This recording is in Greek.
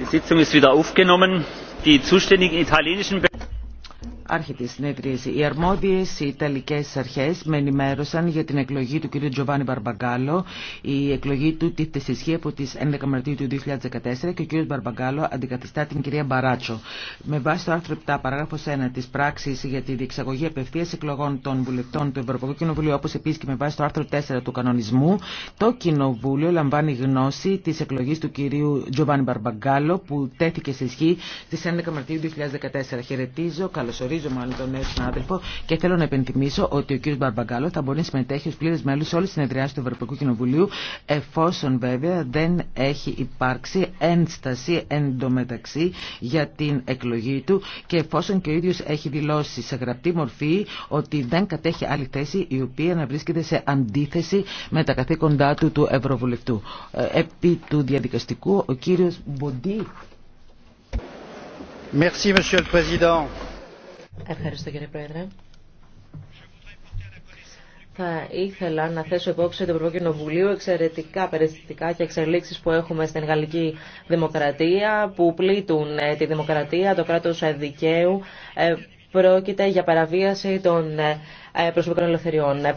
die sitzung ist wieder aufgenommen. die zuständigen italienischen behörden. Άρχεται η συνέδριση. Οι αρμόδιε Ιταλικέ αρχέ με ενημέρωσαν για την εκλογή του κ. Τζοβάνι Μπαρμπαγκάλο. Η εκλογή του τίθεται σε ισχύ από τι 11 Μαρτίου του 2014 και ο κ. Μπαρμπαγκάλο αντικαθιστά την κυρία Μπαράτσο. Με βάση το άρθρο 7, παράγραφο 1 τη πράξη για τη διεξαγωγή απευθεία εκλογών των βουλευτών του Ευρωπαϊκού Κοινοβουλίου, όπω επίση και με βάση το άρθρο 4 του κανονισμού, το Κοινοβούλιο λαμβάνει γνώση τη εκλογή του κ. Τζοβάνι Μπαρμπαγκάλο που τέθηκε σε ισχύ στι 11 Μαρτίου 2014. Χαιρετίζω, καλωσορίζω Χαιρετίζω μάλλον τον νέο συνάδελφο και θέλω να υπενθυμίσω ότι ο κ. Μπαρμπαγκάλο θα μπορεί να συμμετέχει ω πλήρε μέλο σε όλε τι συνεδριάσει του Ευρωπαϊκού Κοινοβουλίου, εφόσον βέβαια δεν έχει υπάρξει ένσταση εντωμεταξύ για την εκλογή του και εφόσον και ο ίδιο έχει δηλώσει σε γραπτή μορφή ότι δεν κατέχει άλλη θέση η οποία να βρίσκεται σε αντίθεση με τα καθήκοντά του του Ευρωβουλευτού. Ε, επί του διαδικαστικού, ο κύριος Μποντί. Merci, Monsieur le Président. Ευχαριστώ κύριε Πρόεδρε. Θα ήθελα να θέσω υπόψη του Ευρωπαϊκού Κοινοβουλίου εξαιρετικά περιστατικά και εξελίξει που έχουμε στην γαλλική δημοκρατία, που πλήττουν ε, τη δημοκρατία, το κράτο δικαίου. Ε, πρόκειται για παραβίαση των ε, προσωπικών ελευθεριών.